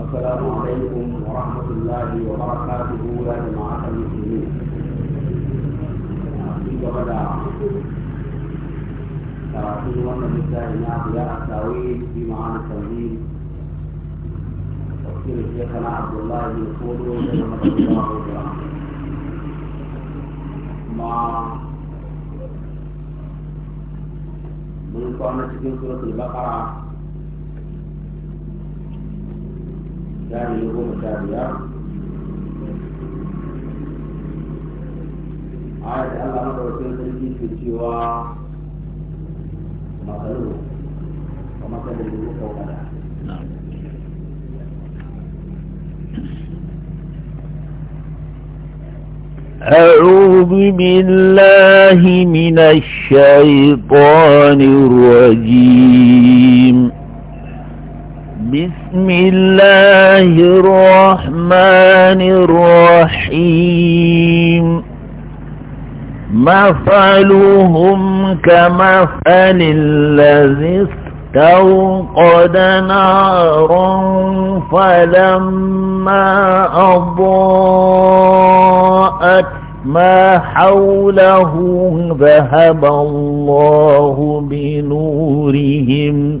السلام عليكم ورحمة الله وبركاته يا جماعة المسلمين وبدا تراكم وطن الدائمة يا التاويل في معاني التنزيل تفسير شيخنا عبد الله بن فوضو رحمه الله وبركاته مع من قامت في سورة البقرة يعني نقوم التابعة عاد الله مرة وسلم في الجوا مثله ومثل الجوا فوق نعم أعوذ بالله من الشيطان الرجيم بسم الله الرحمن الرحيم مفعلهم كمفعل الذي استوقد نارا فلما أضاءت ما حوله ذهب الله بنورهم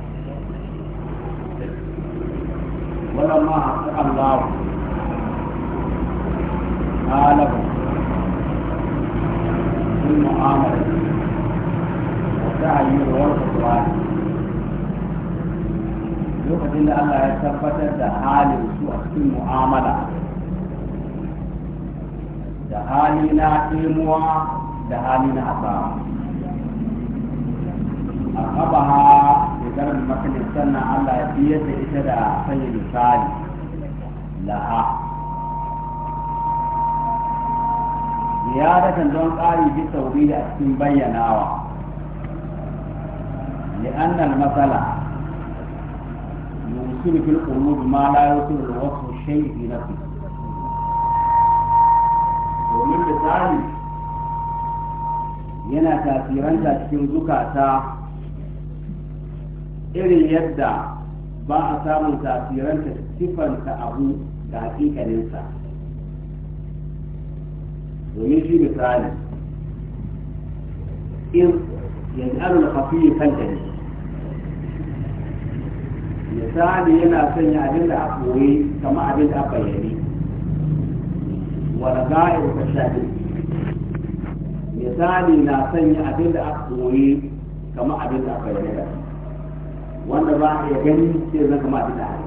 ولما حق الله قاله بالمعاملة وتعيير والخطوات lokacin da Allah ya tabbatar da halin su a cikin mu'amala da hali na imuwa da hali na asara a kaba maganar makanin sannan Allah ya da ita da sanya misali laha ziyadatan don ƙari bi sauri da cikin bayyanawa لأن المثل يوصل في القلوب ما لا يوصل الوصف الشيء في نفسه ومن بالتالي yana tasiranta cikin zukata irin yadda ba a samun tasirin ta siffanta abu da hakikaninsa domin shi misali in yanzu an yi kanta ne misali yana sanya abin da a koyi kama abin da a bayyane wala yi wata shafi misali na sanya abin da a koyi kama abin da a bayyane wanda za a iya gani sai zan kama ta hari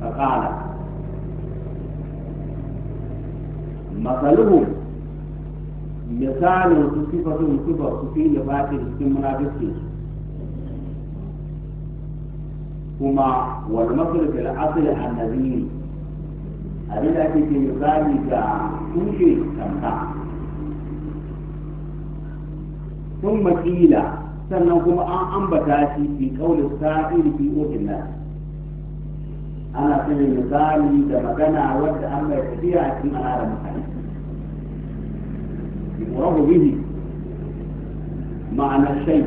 فقال مثلهم مثال صفة صفة في نفاق cikin munafiki kuma wal masal fil asli annabi abin da ake ce misali ga tushe tamka sun makila sannan kuma an ambata shi fi kaulin sa'iri fi ohin ana sanya misali da magana wadda an mai tafiya a cikin al'adar mutane murahu bihi ma'ana shay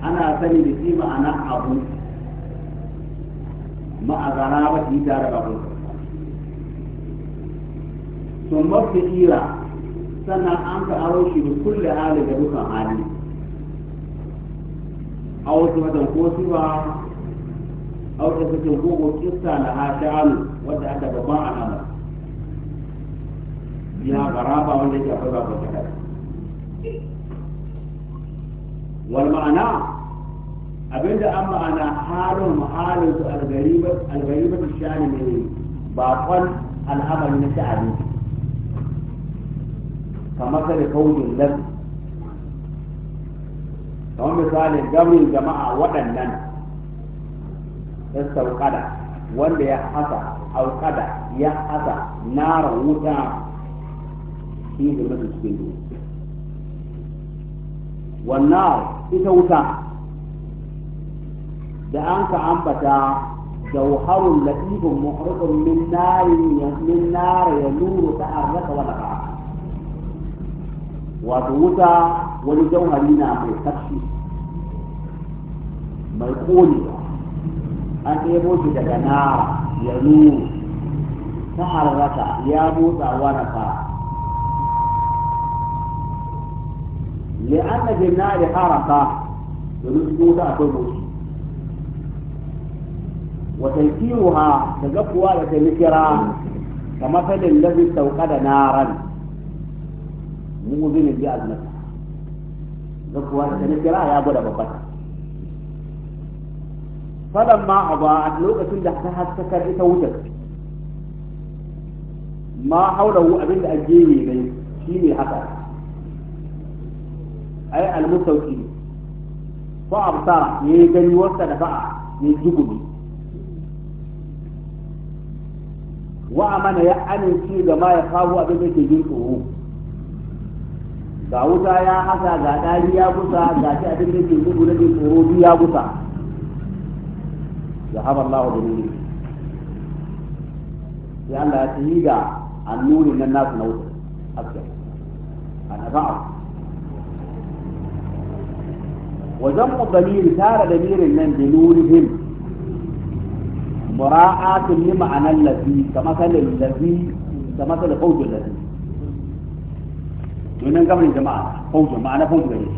ana sani da shi ma'ana abu ma'azara ba shi tare da abu sun mafi ira sannan an ka aro shi da kulle hali da dukan hali أو صفة كوسبة أو صفة كوكو قصة لها شأن وتأتى بباع الأمر فيها غرابة والتي أخذها بالكتاب والمعنى abinda an ma'ana halin halin su algariba ta shani ne bakon al'amari na sha'ani kamar da kaunin lafi kamar misalin gamin jama'a waɗannan ya sauƙada wanda ya hasa auƙada ya hasa nara wuta shi da mutum cikin duhu wannan ita wuta da an ka ambata جوهر لطيف محرق من نار من نار ينور تعرق ولقع وتوتا wani jauhari na mai tafshi mai koli an ɗebo shi daga na ya nuru ta harraka ya motsa waraka li'anna bin nari haraka domin su ta akwai motsi wa tankiruha da gafuwa da taimikira kama falin lafi sauka da naran mu'uzinin bi aznata da kuwa da na kira ya gwada babbata fadan ma a ba lokacin da ta haskakar ita wutar ma haurahu abin da a gehe ne shi ne haka ai almusauki ko absa ya yi gani wasa da ba'a ne jugumi wa amana ya amince ga ma ya kawo abin da ke jin tsoro ga wuta ya haka ga dari ya kusa ga shi abin da ke gudu da ke tsoro ya kusa ya haɓar lahu da nuni sai Allah ya tsayi ga annuri nan nasu na wuta haske a nafa'a wajen mu damiri tara da mirin nan da nurihim mura'atun li ma'anan lafi kama sanin lafi kama sanin kaujin lafi domin gamar jama'a fauji ma'ana fauzu gare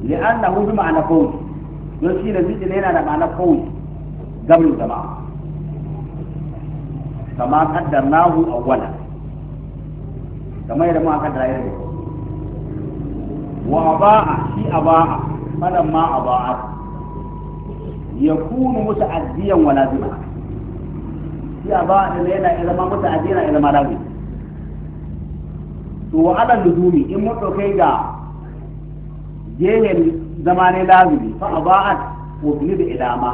shi hu bi ma'ana fauji don shi da mijin yana da ma'ana fauji gamar jama'a kama kaddarnahu awwala kama yadda muka kaddara yadda wa aba'a shi aba'a madan ma aba'a yakunu muta'addiyan wa lazima shi aba'a da yana ilma muta'addiyan ilma lazima to ala luzumi in mun ɗaukai ga gehen zama ne lazumi fa a ba'at wa bi da ilama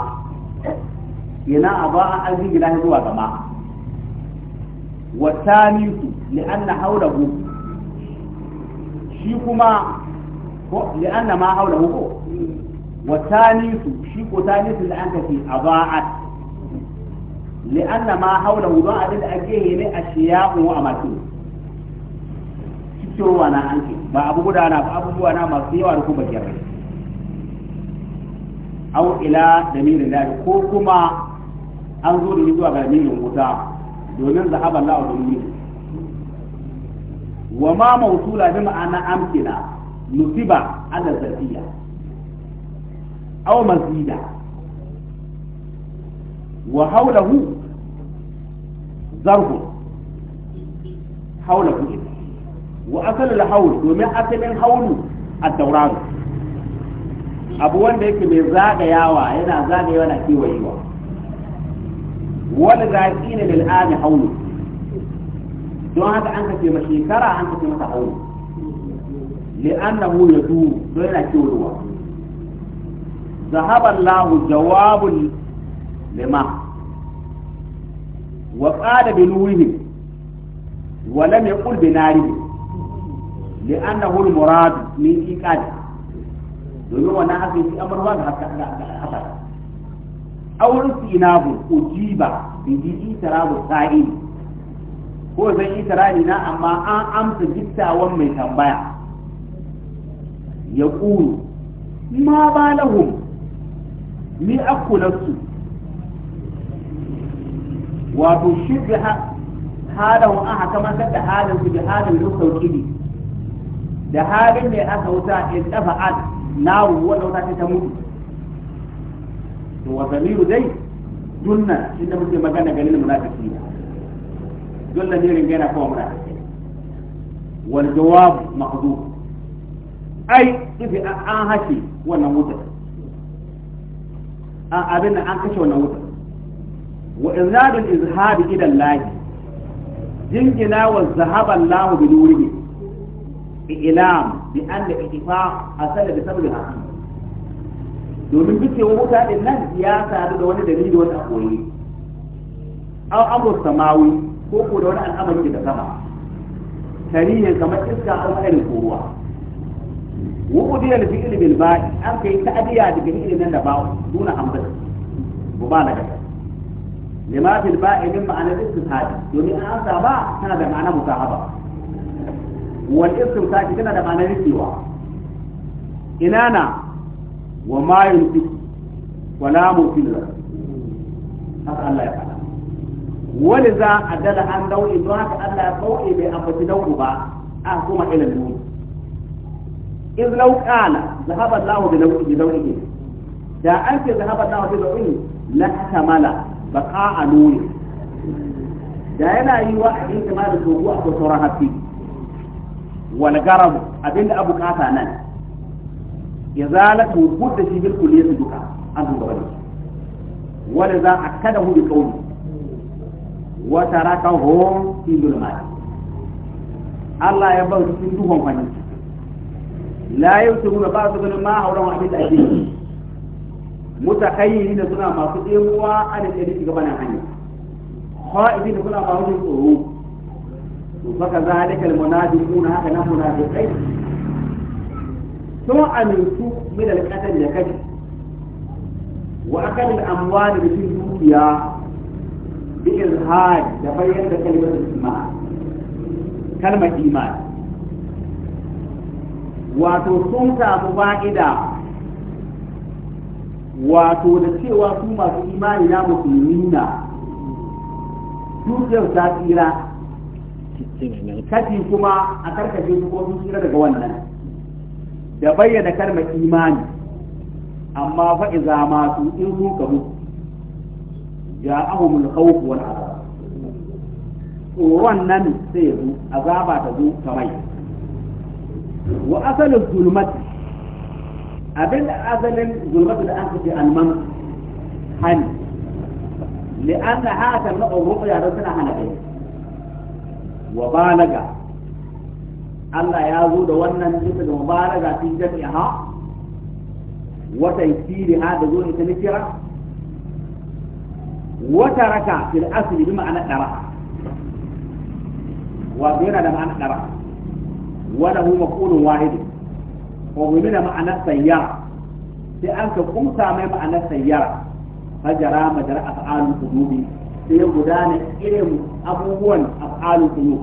yana a ba'a an zigi lahi zuwa gama wa tanisu li anna hawlahu shi kuma ko li anna ma hawlahu ko wa tanisu shi ko tanisu da an kace a ba'at li anna ma hawlahu don abin da ake yi ne a shiya'u wa amakin fitowa na an ba abu gudana ba abubuwa na masu yawa da kuma gyara au ila damirin lafi ko kuma an zo da ni zuwa ga damirin wuta domin zahaban la'a domin wa ma mausula bi ma'ana ba nusiba ala zarfiya au mazida wa zarhu haulahu hawlahu وأصل الحول وما أصل الحول الدوران abu wanda yake mai zagayawa yana zagayawa na kewayewa wani zaƙi ne da al'ami haulu don haka an kace ma shekara an kace masa haulu li'annahu yadu don yana kewayewa ذهب الله جواب لما وقال بنوره ولم يقل بناره لأنه المراد من إيقاد domin wannan haka shi amarwa da haka haka aurin sinabu ujiba bi itirabu sa'i ko zan itirani na amma an amsa gittawan mai tambaya ya kuru ma ba lahum ni akulansu wato shi bi halin an haka da halin su bi halin da halin da aka wuta in dafa an naru wanda wuta ta mutu to wa zamiru dai dunna inda muke magana ga lil munafiki dunna ne ringa yana kowa munafiki wal jawab mahdud ai ifi an hashe wannan wutar a abin da an kashe wannan wutar wa izadul izhabi ila Allah jingina wa zahaba Allah bi nurihi إعلام بأن الاتفاق أصل بسبب حقيقي domin duk yawan wuta din nan ya sadu da wani dalili wani akwai an amur samawi ko ko da wani al'amari daga sama ne kamar iska an tsarin koruwa wuƙudi da fi ilimin ba an kai ta'adiyya daga ilimin nan da ba nuna ba hamdala mubalaga lima fil ba'ilin ma'anar istihadi domin an ba tana da ma'ana musahaba wal istimsaki tana da ma'anar rikewa ina na wa ma yumsiku wa la mumkin lahu haka Allah ya faɗa wani za a dala an dauɗe don haka Allah ya kauɗe bai ambaci dauɗu ba a kuma ilimin in lau kala zahaba Allah bi nau'i nau'i da an ce zahaba Allah bi nau'i la tamala baqa anuri da yana yi wa in kamar da dogo a sauran hafi Wani garab abinda abu kasa nan ya zala zalatu da shi bil kulliyati duka an duba wani wala za akadahu bi qawli wa tarakahu fi dhulumati Allah ya ba cikin duhon fani la yusiruna ba su ganin ma haura wani abin da ake yi mutakayyiri da suna masu ɗemuwa a da ke gabanin hanyar kha'ibin da suna masu tsoro baka zalikal munafiquna haka nan munafiqai sun amintu min alqatl da kaji wa akal al da bi dunya bi izhar da bayyana da kalmar iman kalmar iman wato sun samu fa'ida wato da cewa su masu imani na musulmi na dukiyar ta tsira kashi kuma a karkashe su ko sun tsira daga wannan da bayyana karma imani amma fa iza ma su in su kamu ja'ahumul khawf wal azab wannan nan sai zo azaba ta zo kamai wa asalin zulmat abin da azalin zulmat da an kace alman hani anna hata na ruqya da suna hana kai wa balaga Allah ya zo da wannan duka da mubaraga fi jami'a yiri ha da zo ita na kira wata raka fil asli bi ma'ana dara wa yana da ma'ana dara wa da huwa maqulun wahid wa bi ma'ana sayyara sai an ka kumsa mai ma'ana sayyara fajara madara afalu qulubi da ya gudana irin abubuwan af'alul qulub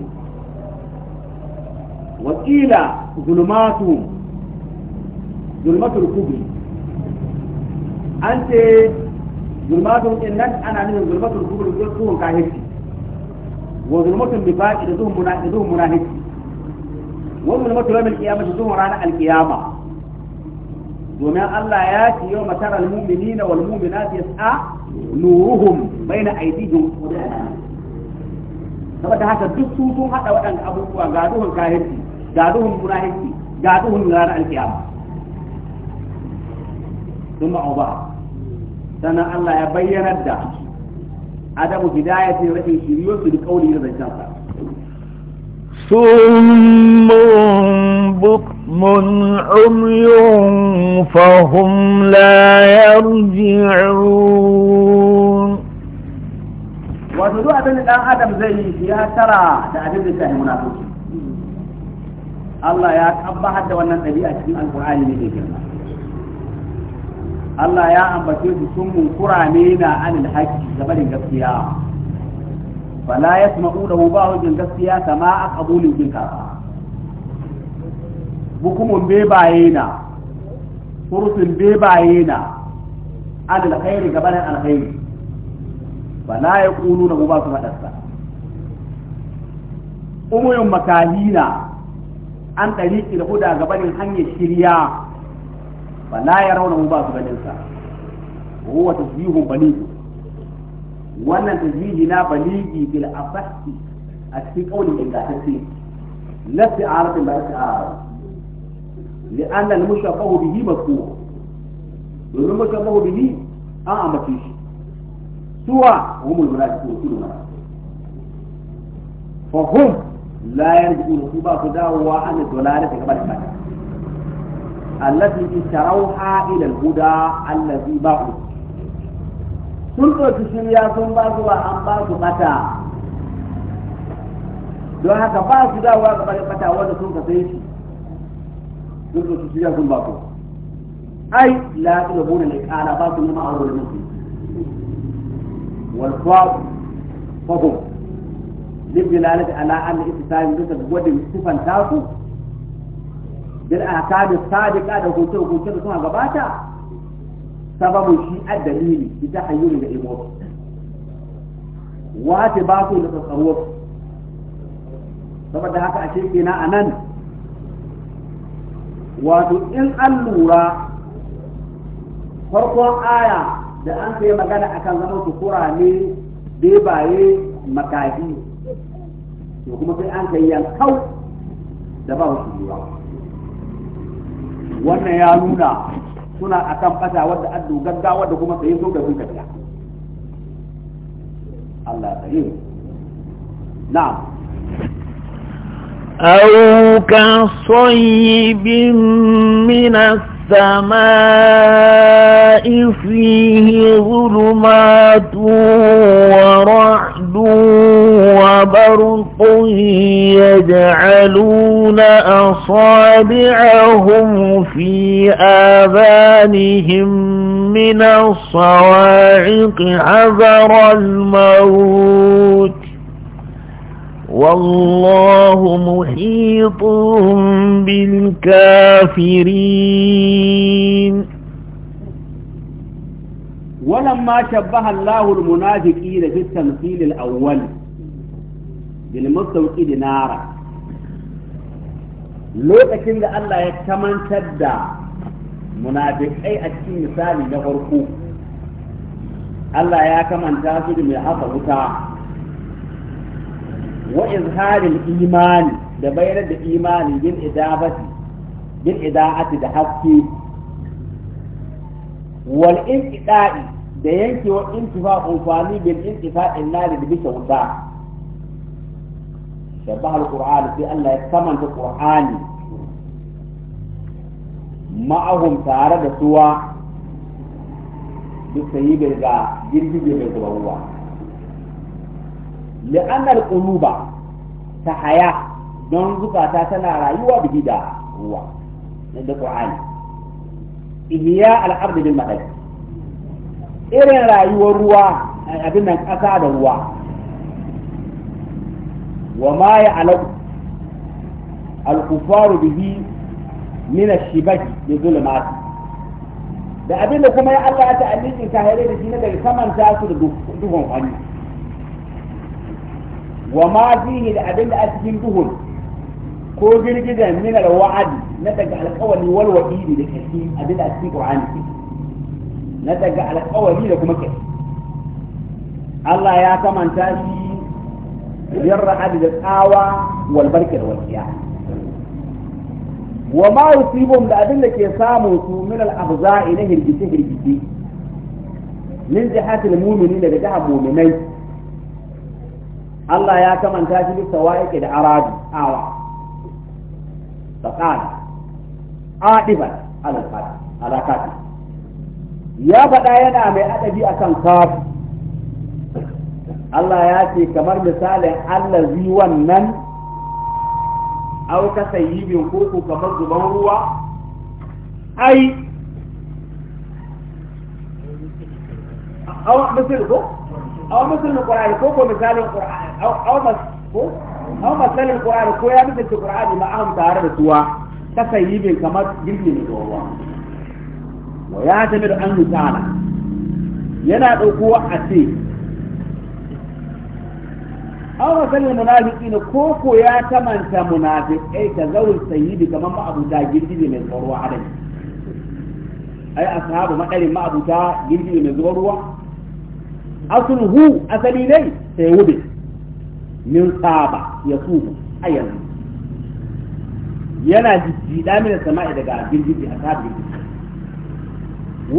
wa qila zulmatu zulmatul kubri an ce zulmatun din nan ana nufin zulmatul kubri ko tuhun kahirci wa zulmatun bi fa'i da tuhun munafiqi tuhun munafiqi wa zulmatul yawmil qiyamah tuhun ranar alqiyama domin Allah ya ce yau mataral mu'minina wal mu'minati yas'a nuruhum baina aidihim saboda haka duk su sun hada waɗanda abubuwa ga duhun kahirci ga duhun munafiki ga duhun ranar alkiyama sun ma'uba sannan Allah ya bayyanar da adamu hidayatin rashin shiriyo su da kauli da zancen Sun ثم من عمي فهم لا يرجعون وذو ابن ادم زي يا ترى تعذيب الله المنافق الله يا كبه حتى وان النبي في القران اللي بيجي الله يا ام بتي ثم قرانينا عن الحج قبل الغفيا فلا يسمعوا له باوجن غفيا قبول اقبلوا bukumun bebaye na fursun bebaye na adal khairi gabanin alkhairi ba la ya kulu na ba su faɗarsa umuyin makahina an ɗariƙi da huda gabanin hanyar shirya ba la ya rauna ba su ganinsa wa huwa tasbihun baligu. wannan tasbihi na baligi bil asahhi a cikin kaulin ingantacce lafi aratin ba ta aratin لأن المشبه به مذكور ومن مشبه به أن أمتيش سوى هم الملائكة كل ملائكة فهم لا يرجعون سوى فداوى عن الضلالة كما ذكرت التي اشتروها إلى الهدى الذي باعوا sun ɗauki shirya sun ba su ba an ba su ɓata don haka ba su dawowa ga ɓata wanda sun ka sai shi duk su sun ba ku ai la da bune ne kala ba nema a wal fa ala an ittisal sifan bil sadiqa da gabata sababin shi addalili ita hayyuri da imo ba da saboda haka a shekina a nan wato in an lura farkon aya da an sai magana akan zama sukura ne bebaye makaji to kuma sai an kai yankau da ba su lura wannan ya nuna suna akan fata wadda an dogagga wadda kuma sai so da sun kafiya Allah ya na'am أو كصيب من السماء فيه ظلمات ورعد وبرق يجعلون أصابعهم في آذانهم من الصواعق عذر الموت والله محيط بالكافرين ولما شبه الله المنافقين في التمثيل الأول بالمستوقيد نارا لو تكن الله يكمن شدا منافق أي أشي مثالي نغرقو الله يكمن تاخذ من حصة wa izharil imani da bayyana da imani bil idabati bil da haske wal inqida'i da yankewa intifa umfani bil intifa'in nari da bisa wuta shabaha al sai Allah ya kamanta tare da suwa bisa yi ga mai zuwa li'annal quluba ta haya don zukata tana rayuwa da ruwa da qur'ani ihya al-ardi irin rayuwar ruwa abin nan kasa da ruwa wa ma ya'lamu al bihi da abin da kuma ya Allah ya ta'alliqin kahirai da shi na daga kamanta su da duhun hannu wa ma fihi da abin da a cikin duhun ko girgidan min al-wa'd na daga alƙawari wal wa'idi da kashi abin da a cikin Qur'ani na daga alƙawari da kuma kashi Allah ya kamanta shi bin ra'ad da tsawa wal barki da wasiya wa ma yusibum da abin da ke samu su min al-abza'i na hirgice hirgice min jihatil mu'minin daga jihar mu'minai Allah ya kamanta shi bisa wa'iƙi da aradu awa faƙada adiban alakati ya faɗa yana mai adabi akan kafu Allah ya ce kamar misalin Allah zai wannan au ka sayyibin koko kamar zuban ruwa ai awa misali ko aw misalin qur'ani ko ko misalin qur'ani aw mas ko aw misalin qur'ani ko ya misalin qur'ani ma ahum tare da tuwa tasayyibin kamar girbi ne da ruwa wa ya tamir an misala yana dauko a ce aw misalin munafiqina ko ya tamanta munafiqai ka zawul sayyibi kamar ma abuta girbi ne mai tsoro adai ai ashabu madarin ma abuta girbi ne mai tsoro asluhu asali ne sai wube min saba ya tubu a yanzu yana jida mina sama'i daga girgije a sabi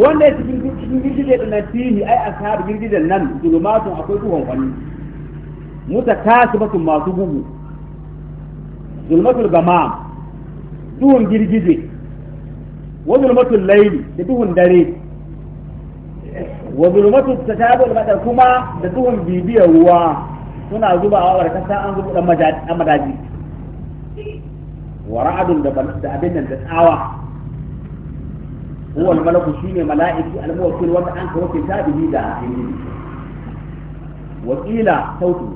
wanda ya cikin girgije da na fihi ai a sabi girgijen nan zulumatun akwai tuhon Musa ta kasu basu masu bugu zulmatul gama duhun girgije wa zulmatul laili da duhun dare وظلمته تتابع لماذا كما تكون في بيئة هو هنا زبا أولا كسا أنزب لما جاجي ورعد دبنا دابنا تتعوى هو الملك الشيني ملائك ألمو كل وضع أنك وكتا به دا وقيل صوته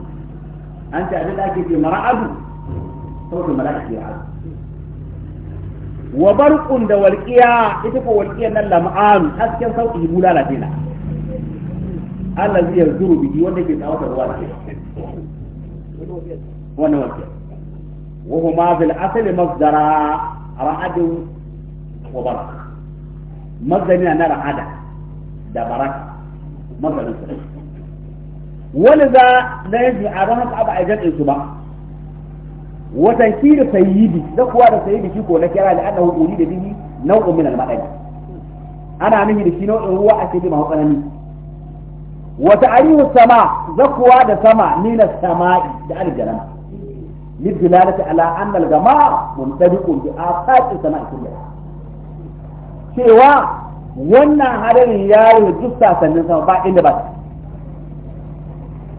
أنت أبي لك في مرعد صوت الملائك في عز وبرق دوالكيا إتفو والكيا نلا معان حسكا صوته مولانا فينا Allah zai yarzu biki wanda ke tsawata ruwa da wannan wakil wa huma fil asli masdara ra'adu wa baraka mazani na ra'ada da baraka mazanin sa wani za na yanzu a ran haka ba a jantsin su ba watan kiri sayyidi da kuwa da sayyidi shi ko na kira da annahu uli da bihi nau'un min al-madani ana nuhi da shi nau'in ruwa a cikin mahaukanani wa ta'rifu sama zakuwa da sama min as-sama'i da al-janama lidilalati ala anna al-gama muntabiqun bi afaqi sama'i kullaha cewa wannan hadarin ya yi duk sasannin sama ba inda ba ta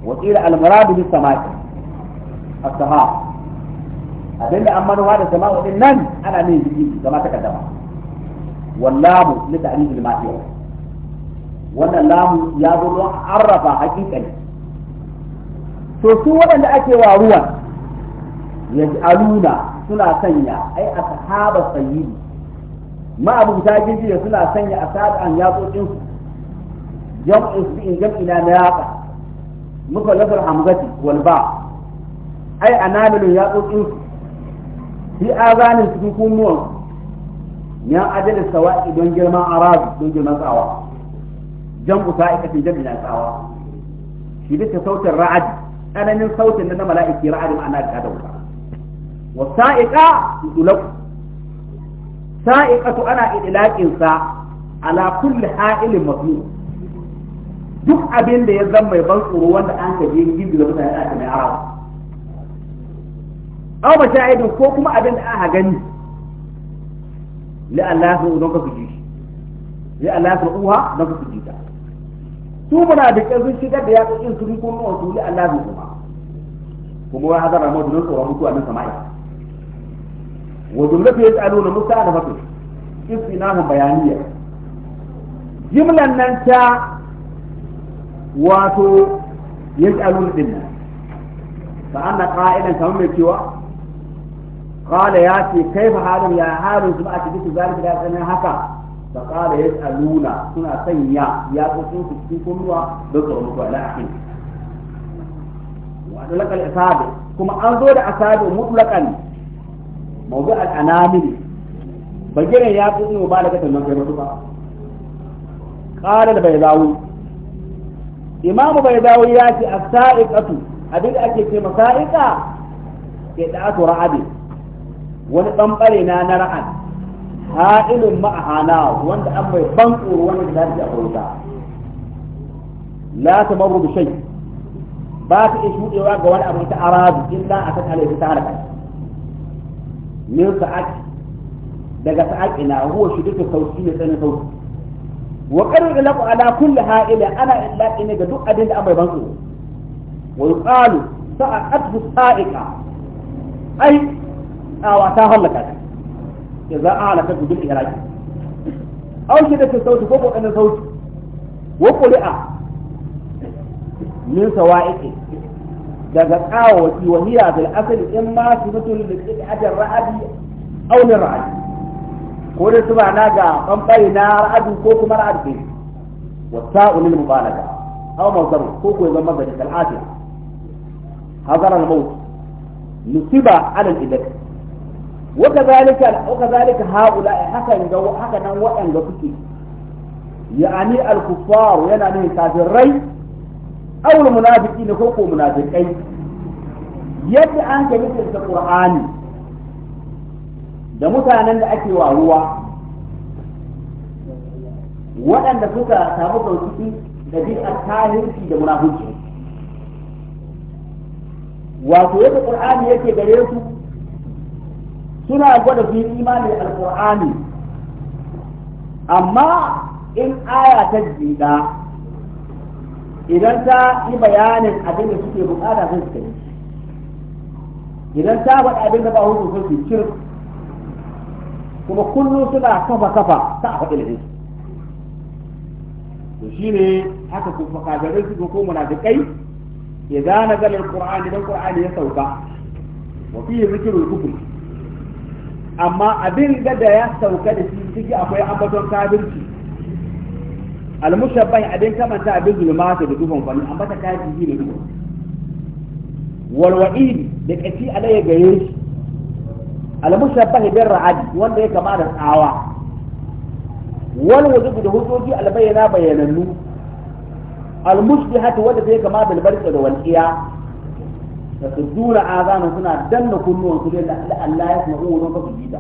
wa qila al-muradu bis sama'i as-sahab abinda an manuwa da sama'u din nan ana ne jiki kama takaddama wallahu li ta'rifil ma'i wannan lamu ya zo don arrafa hakikani to su waɗanda ake wa ruwan aluna suna sanya ai sahaba sayyidi ma abu ta gijiya suna sanya a asaban din su jam'u su in jam'i na yaƙa. muka lafar hamzati wal ba ai anamilun din su fi azanin su kunnuwan ya adalin sawa'i don girman arazi don girman tsawa jam'u sa'ikatin jam'i na tsawa shi bisa sautin ra'ad tsananin sautin na mala'iki ra'ad ma'ana da da wuta wa sa'iqa tulaq sa'iqatu ana idlaqin sa ala kulli ha'ilin masnu duk abin da ya zama mai ban tsoro wanda an ka je gidi da mutane aka mai arab aw mashahidin ko kuma abin da aka gani la don ka fiji shi la Allah uha don ka fiji ta su muna da ƙarfin shigar da yakokin su rikon nuwan su wuli Allah zai kuma kuma ya hazar ma nan tsoron mutuwa nan sama'i wa tsaro na musa da na istinahum bayaniya jimlan nan ta wato tsaro na dinnan sa'an na ƙa'idan kamar mai cewa qala ya ce fa halin ya halin su ba a cikin zalika da sanin haka fa qala yas'aluna suna sanya ya kokin su don su mutu ala ahin wa dalaka al-asabi kuma an zo da asabi mutlaqan mawdu al-anamil bagiran ya kokin ba daga tannan kai mutuba qala da ya ce as-sa'iqatu abin da ake ce masa'iqa ke wani bambare na na ha'ilun ma'ana wanda an bai ban tsoro wanda da zai a bauta la ta maru da shai ba ta iya shuɗewa ga wani abu ta arabu illa a ta alaihi ta haraka min sa'ad daga sa'ad ina huwa shiddu sauki ne tsanin sauki wa qarin ilaqu ala kulli ha'ila ana illa ne ga duk abin da an bai ban tsoro wa yuqalu sa'aqatu sa'iqa ai awa ta halaka idza a'laka bil iraq aw shi da ke sauti ko kokarin sauti wa qur'a min sawa'iqi daga qawati wa hiya bil asli in ma sifatul liqati ra'abi aw aunin ra'abi ko da ba na ga bambai na ra'abi ko kuma ke wa sa'ul mubalaga aw mazhar ko ko zama mazhar al hazara al-maut nusiba ala al-idak وكذلك وكذلك هؤلاء هكذا هكذا وأن suke al الكفار yana nufin kafirai aw munafiqina ko ko munafiqai yadda an ka mutunta qur'ani da mutanen da ake wa ruwa waɗanda suka samu sauki da bid'ar tahirci da munafiqi wato yadda qur'ani yake gare su suna gwada su yi imani alkur'ani amma in aya ta jida idan ta yi bayanin abin da suke bukata sun suka yi idan ta faɗi abin da ba hudu sun su kuma kullum suna kafa kafa ta a faɗi da to shi ne haka ku fakadarin su ko muna munafikai idza nazala alquran idan qur'ani ya sauka wa fihi zikrul kufr amma abin da ya sauka da shi ciki akwai ambaton kafirci almushabbai abin kamanta abin zulmata da dukan fani amma ta kafirci da duhun walwa'id da kaci alayya gare shi almushabbai bin ra'adi wanda ya kama da tsawa wal wajib da hujjoji albayyana bayanannu almushbihatu wanda ta kama bil barqa da walqiya da su dura azana suna danna kunnuwan su da Allah ya kuma uwa don su jida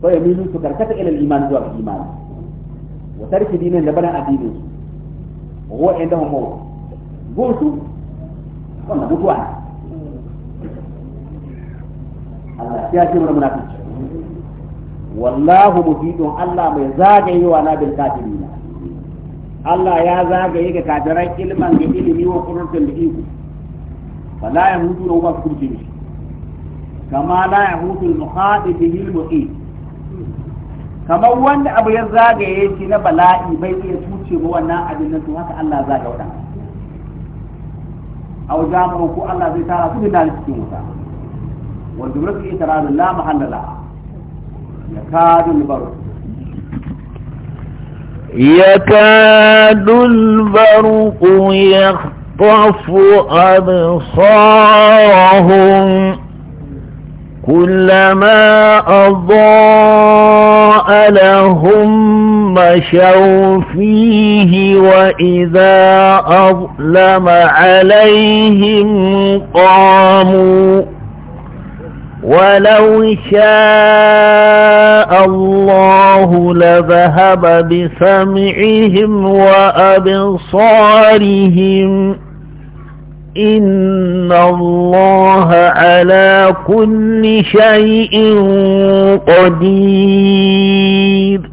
fa ya milu su karkata ila iman zuwa ga imani wa tarki dinin da bana addinin su wa inda hum mawu go su wannan mutuwa Allah ya ce mana munafiki wallahu muhidun Allah mai zagayewa na bil kafirina Allah ya zagaye ga kafirai ilman ga ilimi wa qurratul iko فلا يموت لو كل شيء كما لا يموت المخاط به المحيط kamar wanda abu ya zagaye shi na bala'i bai iya tuce ba wannan abin nan to haka Allah za ya wadana aw jama'a ko Allah zai tara su da cikin wuta يكاد البرق يخفى تخطف أبصارهم كلما أضاء لهم مشوا فيه وإذا أظلم عليهم قاموا ولو شاء الله لذهب بسمعهم وأبصارهم إن الله على كل شيء قدير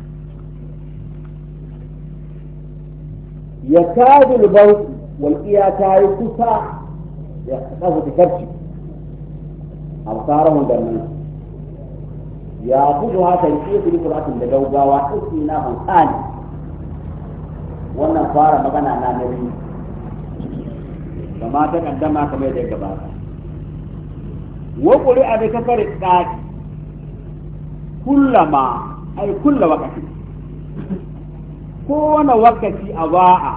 يكاد البوت والإياكا يكسى يخطف بكبشي أبصارهم دمنا يأخذها تنشيط لقرأة لجوبا وحسنا من ثاني وأنا فارا مغنى نامرين Gama ta kaddama kamar da ya gabata wa quri abi kafar qati kullama ay kullu waqti kowane wakati a ba'a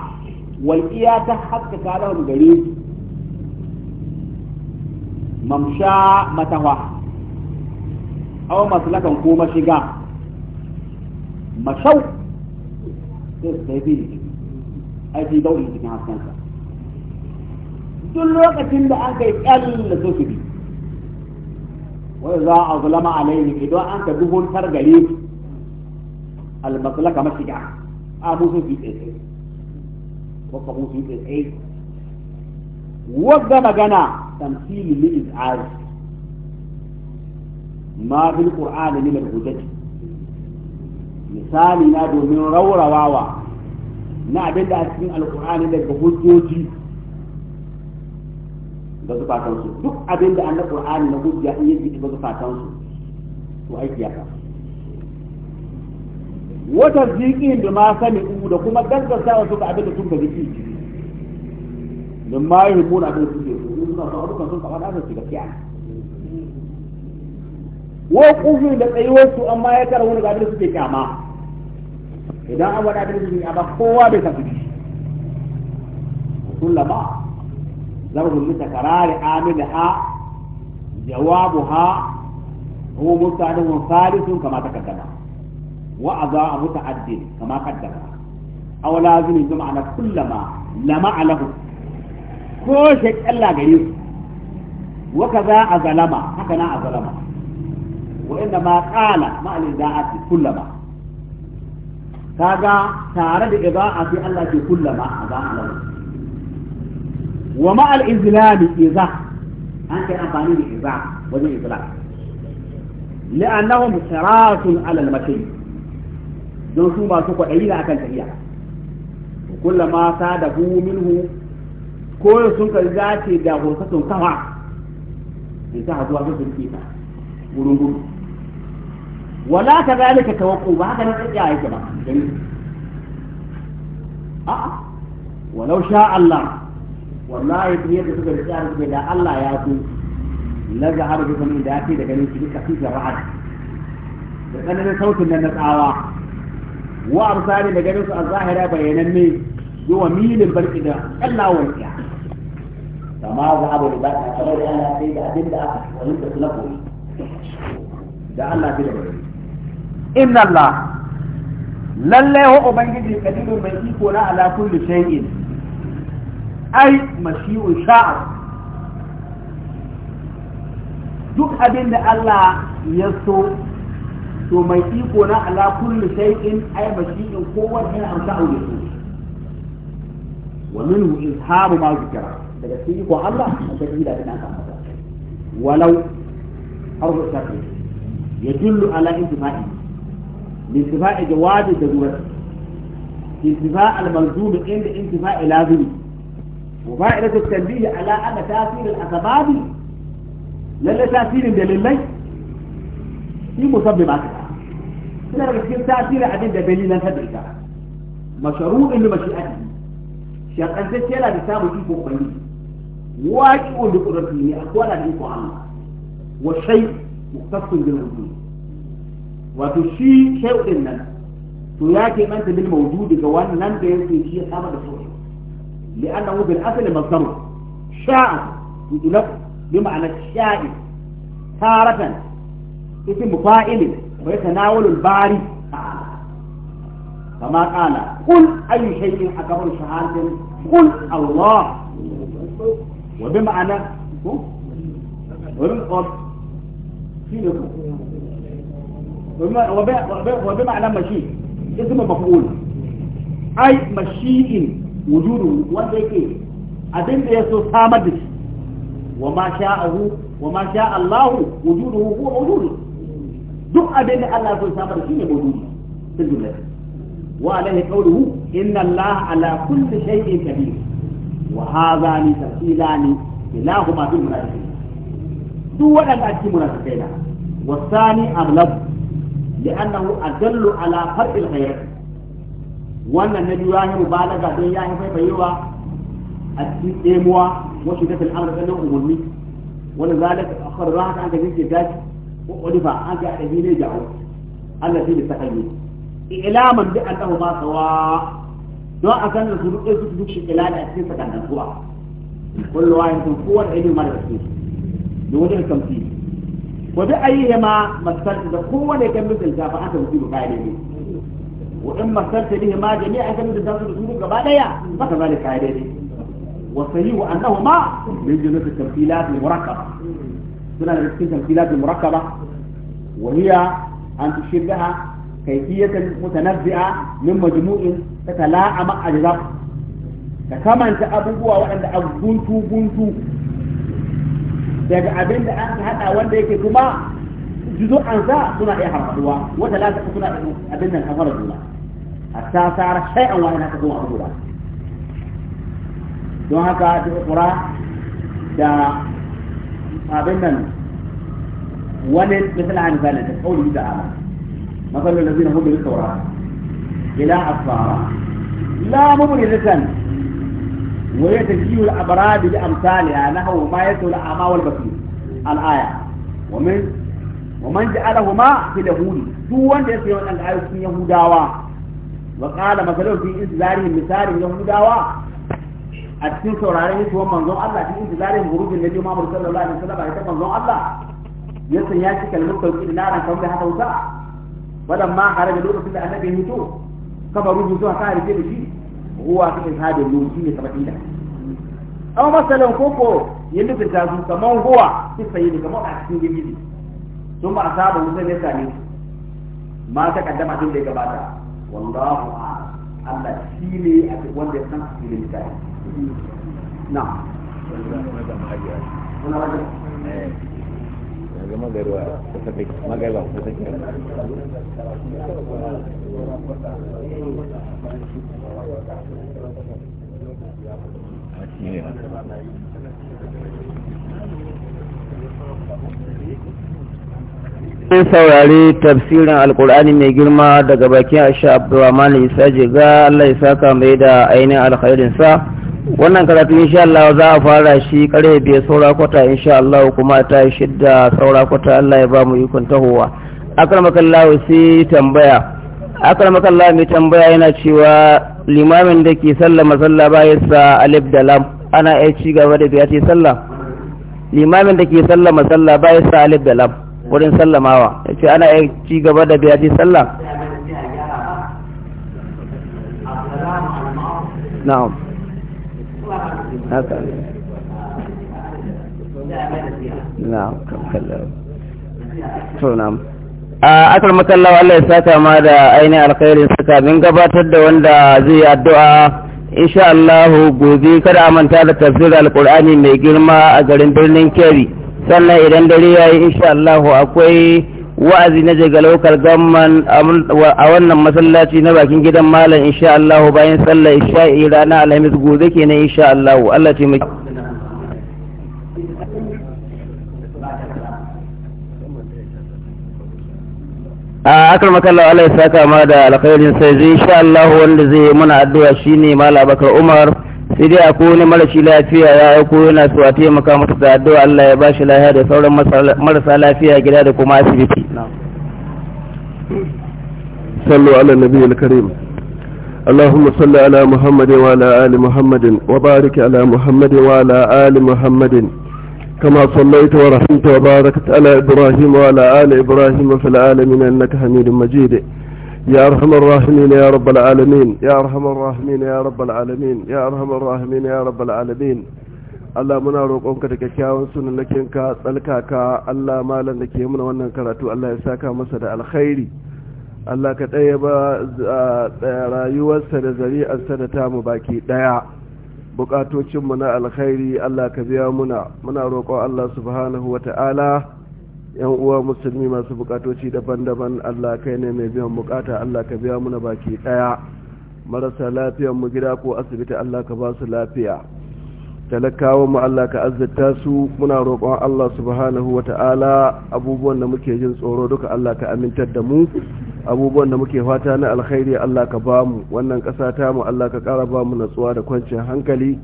walƙiya ta haska lahum gare su mamsha matawa aw maslakan ko mashiga mashau sai su tafi ai fi dauri cikin haskansa duk lokacin da an kai da so su bi wani za a zulama alaihi idan an ka dubun targare su almaslaka mashiga a musu fi tsaye ko ka musu fi tsaye wadda magana tamthili li iz'az ma fi qur'ani min al-hujjati misali na domin raurawawa na abinda a cikin alqur'ani daga hujjoji fatan su duk abin da annabi qur'ani na hujja in ba su fatan su to aiki ya ka wata zikin da ma sani ku da kuma wasu ka abin da sun gaji ki da ma yi mun abin da suke su suna son abubuwan sun kawo da su gaskiya wa kufin da tsayuwar su amma ya kara wani abin da suke kyama idan an wada abin ne a ba kowa bai sa su ba zarbun mita karari amin ha jawabu ha hu mutanen mun salisun kama ta kaddara wa aza abu ta'addin kama kaddara aw lazimi bi ma'ana kullama lama alahu ko shi kalla gare su wa kaza azalama haka na azalama wa inda ma qala ma alidaati kullama kaga tare da idaati Allah ke kullama azalama ومع الإذلال إذا أنت أمامي إذا وذي إذلال لأنهم سراس على المتين دون شو ما سوكو إلينا أكل تهيا وكل ما ساده منه كل سنك الزاتي دا غرصة سوا إنتهى هذا هو في الكيسة ونقول ولا كذلك توقف هذا ما تجي عليك ولو شاء الله wallahi duk yadda suka da tsaya suka da Allah ya so la zahar bi kamin da yake da ganin shi duka fi ra'ad da tsananin sautin nan na tsawa wa amsali da ganin su a zahira bayanan ne yawa milin barki da Allah wankiya kama za abu da ba ta kamar yana sai da abin da aka wani da su na koyi da Allah fi da bayani inna Allah lallai wa ubangiji kadirun mai iko na ala kulli shay'in ai mashi'un sha'ar duk abin da Allah ya so to mai iko na ala kullu shay'in ay mashi'in ko wani amsa aure so wa minhu izharu ma zikra daga cikin ko Allah da cikin da kan ka walau arzu shakri yadullu ala intifa'i lintifa'i jawabi da zuwa intifa' al-malzum inda intifa'i lazimi وفائدة التنبيه على أن تأثير الأسباب لأن تأثير دليلي في مسببات هنا بسكين تأثير عدد دليلا فدلتا مشروع لمشيئته شرقا تسيلا بسامه إيكو قيم واجئ لقدرته أخوانا لإيكو الله والشيء مختص بالوجود وتشي شيء إننا تلاقي من موجود جوان لن تنسي شيء هذا بسوء لأنه بالأصل مصدر شاء يطلق بمعنى الشائع تارة اسم فائل ويتناول الباري فما قال قل أي شيء أكبر شهادة قل الله وبمعنى وبمعنى مشيء اسم مفعول أي مشيء wujudu wanda yake abin da yaso samar da shi wa ma sha sha'ahu wa ma sha Allah wujuduhu huwa mawjudu duk abin da Allah so samar da shi ne mawjudu fil jumla wa alaihi qawluhu inna Allah ala kulli shay'in qadir wa hadha ni tafsilani ila huma bil munafiqin duk waɗanda a cikin munafiqai na ablab li annahu adallu ala فرق الغيرات wannan na biyu ya yi mubalaga don ya yi faifayewa a cikin ɗemuwa wasu da fil amr ɗan umarni wanda zalika akhar rahaka an ka jinke gashi ko udifa an ka ɗabi ne jawo Allah sai da takalmi ilaman bi annahu ma sawa don a san da su duk su duk shi ilada a cikin sakannan kuwa kullu wahid sun kowa da ilmi mara su da wajen tamfili wa bi ayyihima masal da kowane kan misalta fa aka mutu da kai ne وإما مثلت به ما جميع كانوا تدرس بسمه قباليا فكذلك وصيه أنه أنهما من جنس التمثيلات المركبة سنة نفسي التمثيلات المركبة وهي أن تشبه كيفية متنبئة من مجموع تتلاعب أجزاء كما أنت أبوه وأنت أبوه بنتو daga abin da an haɗa wanda yake kuma juzu'ansa suna iya harfaduwa wata lafiya suna abin nan kamar juna حتى صارت شيئا وانها تكون مقبولا don haka da ƙura da abin nan wani misali an zana da kauli da ala masallar da zina hudu saura ila asfara la mubrisan wa ya tajiyu al-abrad bi amsalha nahwu ma yatul ama wal basir al-aya wa min wa man ja'alahuma fi lahudi duk wanda ya sayi wannan ayoyin yahudawa wa qala masalun fi izlarihim misalin yahudawa a cikin sauraron mutuwar manzon Allah cikin izlarihim gurubin nabi Muhammad sallallahu alaihi wasallam ya manzon Allah ya san ya cika lukkan kudi da kawai wuta wadan ma haraja lokacin da annabi hito kama rubu zuwa ka harfe da shi huwa ka hada lokaci ne kamar ila amma masalan koko ya lukanta su kamar huwa sai sai ne kamar a cikin gidi sun ba a saba wutan ya same ma ta din da ya gabata wallahu a'lam Allah a wanda ya san asirin ta na kuna wajen yanzu eh, Mun saurari tafsirin al'kur'ani mai girma daga bakin Aisha abdurrahman Isa Jiga Allah ya saka mai da ainihin alkhairin sa. Wannan karatu insha Allah za a fara shi kare biye saura kwata insha Allah kuma ta shidda saura kwata Allah ya ba mu ikon tahowa. Akramakallahu sai tambaya. Akramakallahu mai tambaya yana cewa limamin da ke sallah masalla bayan sa alif da lam ana iya ci gaba da biya ce sallah. Limamin da ke sallah masalla bayan sa alif da lam. wurin sallamawa ya ce ana yi ci gaba da biya ji sallah a akwai makallawa Allah ya saka ma da ainihin alkhairin suka min gabatar da wanda zai addu'a insha'allahu gobe kada a manta da tafsirar alkur'ani mai girma a garin birnin Kebbi sannan idan dare ya yi insha Allah akwai wa'azi na jagalaukar gamman a wannan masallaci na bakin gidan malam insha Allah bayan sallar isha irana alhamis gobe kenan insha Allah Allah ce mu a akar makalla Allah ya saka ma da alkhairin sai zai insha Allah wanda zai muna addu'a shine malam bakar Umar sai dai a kowane marashi lafiya ya aiko yana so a taimaka masa da addu'a Allah ya bashi lafiya da sauran marasa lafiya gida da kuma asibiti. Sallu ala Nabi al-Karim. Allahumma salli ala Muhammad wa ala ali Muhammad wa barik ala Muhammad wa ala ali Muhammad kama sallaita wa rahimta wa barakta ala Ibrahim wa ala ali Ibrahim fil alamin innaka Hamidum Majid. يا أرحم الراحمين يا رب العالمين يا أرحم الراحمين يا رب العالمين يا أرحم الراحمين يا رب العالمين Allah muna roƙonka da kyakkyawan sunanakinka tsalkaka Allah malam da ke muna wannan karatu Allah ya saka masa da alkhairi Allah ka ɗaya ba rayuwarsa da zari'arsa da tamu baki ɗaya buƙatocinmu na alkhairi Allah ka biya muna muna roƙon Allah subhanahu wa ta'ala yan uwa musulmi masu bukatoci daban-daban Allah kai ne mai biyan bukata Allah ka biya muna baki daya marasa lafiyar mu gida ko asibiti Allah ka ba su lafiya talakawa mu Allah ka azzata su muna roƙon Allah subhanahu wata'ala abubuwan da muke jin tsoro duka Allah ka amintar da mu abubuwan da muke fata na alkhairi Allah ka ba mu wannan ƙasa ta mu Allah ka ƙara ba mu natsuwa da kwanciyar hankali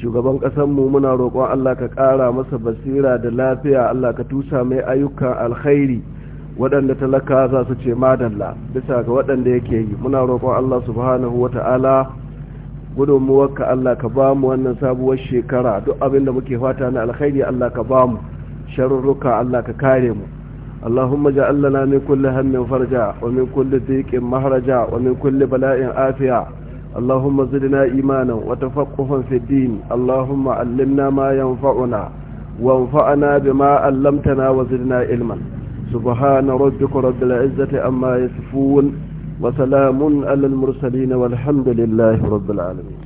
shugaban mu muna roƙon Allah ka ƙara masa basira da lafiya Allah ka tusa mai ayyukan alkhairi waɗanda talaka za su ce madalla bisa ga waɗanda yake yi muna roƙon Allah subhanahu wa ta'ala ka Allah ka ba mu wannan sabuwar shekara duk abin da muke fata na alkhairi Allah ka ba mu sharurruka Allah ka kare mu اللهم اجعل لنا من كل هم فرجا ومن كل ضيق مهرجا ومن كل بلاء آفيا اللهم زدنا إيمانا وتفقها في الدين اللهم علمنا ما ينفعنا وانفعنا بما علمتنا وزدنا علما سبحان ربك رب العزة أما يصفون وسلام على المرسلين والحمد لله رب العالمين